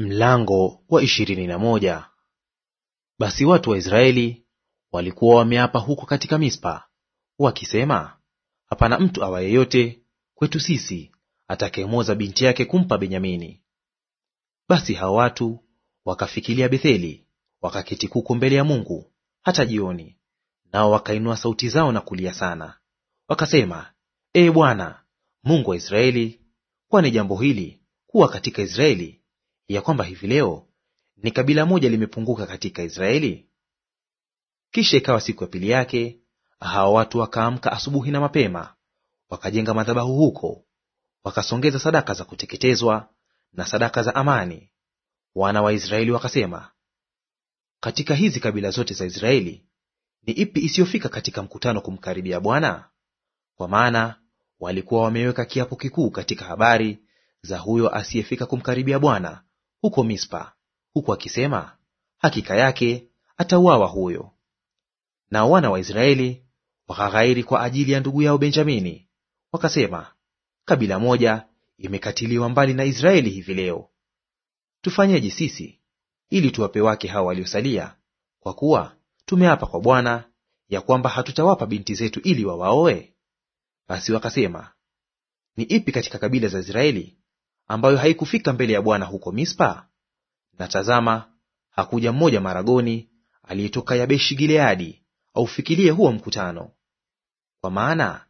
Mlango wa ishirini na moja. Basi watu wa Israeli walikuwa wameapa huko katika Mispa wakisema, hapana mtu awa yeyote kwetu sisi atakayemwoza binti yake kumpa Benyamini. Basi hao watu wakafikilia Betheli, wakaketi kuko mbele ya Mungu hata jioni, nao wakainua sauti zao na kulia sana, wakasema, Ee Bwana Mungu wa Israeli, kwani jambo hili kuwa katika Israeli ya kwamba hivi leo ni kabila moja limepunguka katika Israeli? Kisha ikawa siku ya pili yake, hawa watu wakaamka asubuhi na mapema, wakajenga madhabahu huko, wakasongeza sadaka za kuteketezwa na sadaka za amani. Wana wa Israeli wakasema, katika hizi kabila zote za Israeli ni ipi isiyofika katika mkutano kumkaribia Bwana? Kwa maana walikuwa wameweka kiapo kikuu katika habari za huyo asiyefika kumkaribia Bwana huko Mispa, huku akisema, hakika yake atauawa huyo. Nao wana wa Israeli wakaghairi kwa ajili ya ndugu yao Benjamini, wakasema, kabila moja imekatiliwa mbali na Israeli hivi leo. Tufanyeje sisi ili tuwape wake hao waliosalia? Kwa kuwa tumeapa kwa Bwana ya kwamba hatutawapa binti zetu ili wawaoe. Basi wakasema, ni ipi katika kabila za Israeli ambayo haikufika mbele ya Bwana huko Mispa? Na tazama, hakuja mmoja Maragoni aliyetoka Yabeshi Gileadi aufikilie huo mkutano. Kwa maana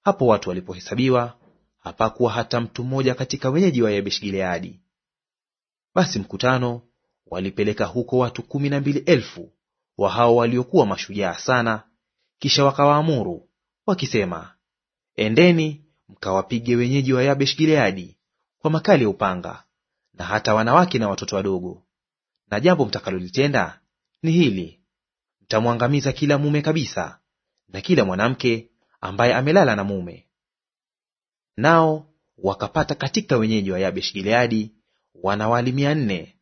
hapo watu walipohesabiwa, hapakuwa hata mtu mmoja katika wenyeji wa Yabeshi Gileadi. Basi mkutano walipeleka huko watu kumi na mbili elfu wa hao waliokuwa mashujaa sana, kisha wakawaamuru wakisema, endeni mkawapige wenyeji wa Yabesh Gileadi kwa makali ya upanga, na hata wanawake na watoto wadogo. Na jambo mtakalolitenda ni hili: mtamwangamiza kila mume kabisa na kila mwanamke ambaye amelala na mume. Nao wakapata katika wenyeji wa Yabesh Gileadi wanawali mia nne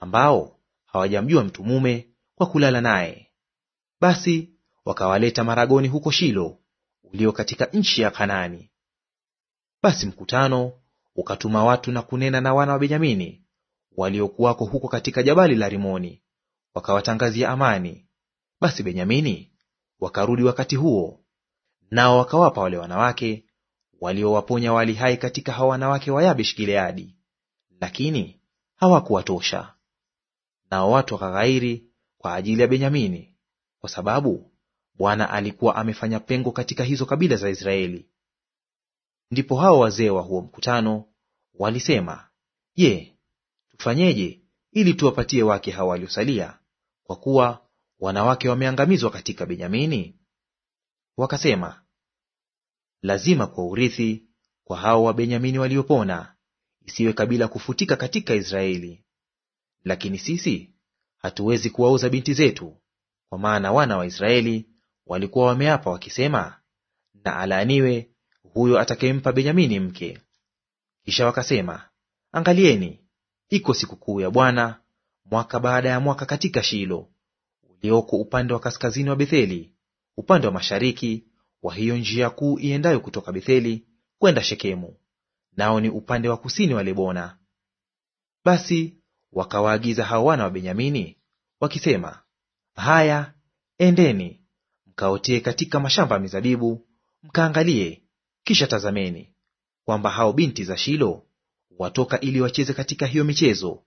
ambao hawajamjua mtu mume kwa kulala naye. Basi wakawaleta maragoni huko Shilo ulio katika nchi ya Kanaani. Basi mkutano ukatuma watu na kunena na wana wa Benyamini waliokuwako huko katika jabali la Rimoni, wakawatangazia amani. Basi Benyamini wakarudi wakati huo, nao wakawapa wale wanawake waliowaponya wali hai katika hao wanawake wa Yabesh Gileadi, lakini hawakuwatosha. Nao watu wakaghairi kwa ajili ya Benyamini, kwa sababu Bwana alikuwa amefanya pengo katika hizo kabila za Israeli, Ndipo hao wazee wa huo mkutano walisema, Je, tufanyeje ili tuwapatie wake hawa waliosalia, kwa kuwa wanawake wameangamizwa katika Benyamini? Wakasema, lazima kwa urithi kwa hao Wabenyamini waliopona, isiwe kabila kufutika katika Israeli. Lakini sisi hatuwezi kuwauza binti zetu, kwa maana wana wa Israeli walikuwa wameapa wakisema, na alaaniwe huyo atakayempa Benyamini mke. Kisha wakasema, angalieni, iko sikukuu ya Bwana mwaka baada ya mwaka katika Shilo ulioko upande wa kaskazini wa Betheli, upande wa mashariki wa hiyo njia kuu iendayo kutoka Betheli kwenda Shekemu, nao ni upande wa kusini wa Lebona. Basi wakawaagiza hao wana wa Benyamini wakisema, haya, endeni mkaotie katika mashamba ya mizabibu, mkaangalie kisha tazameni kwamba hao binti za Shilo watoka ili wacheze katika hiyo michezo.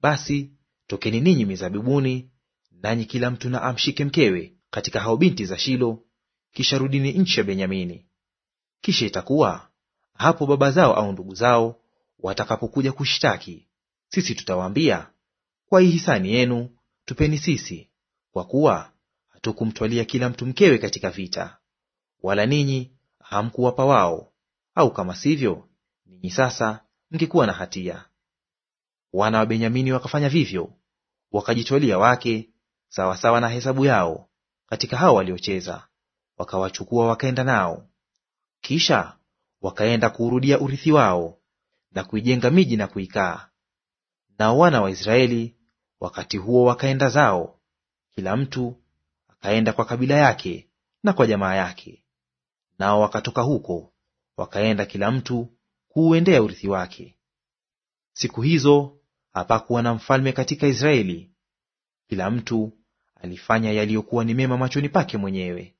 Basi tokeni ninyi mizabibuni, nanyi kila mtu na amshike mkewe katika hao binti za Shilo, kisha rudini nchi ya Benyamini. Kisha itakuwa hapo baba zao au ndugu zao watakapokuja kushtaki, sisi tutawaambia, kwa ihisani yenu tupeni sisi, kwa kuwa hatukumtwalia kila mtu mkewe katika vita, wala ninyi hamkuwapa wao; au kama sivyo, ninyi sasa mngekuwa na hatia. Wana wa Benyamini wakafanya vivyo, wakajitwalia wake sawasawa na hesabu yao katika hao waliocheza, wakawachukua wakaenda nao. Kisha wakaenda kuurudia urithi wao na kuijenga miji na kuikaa. Nao wana wa Israeli wakati huo wakaenda zao, kila mtu akaenda kwa kabila yake na kwa jamaa yake. Nao wakatoka huko wakaenda kila mtu kuuendea urithi wake. Siku hizo hapakuwa na mfalme katika Israeli; kila mtu alifanya yaliyokuwa ni mema machoni pake mwenyewe.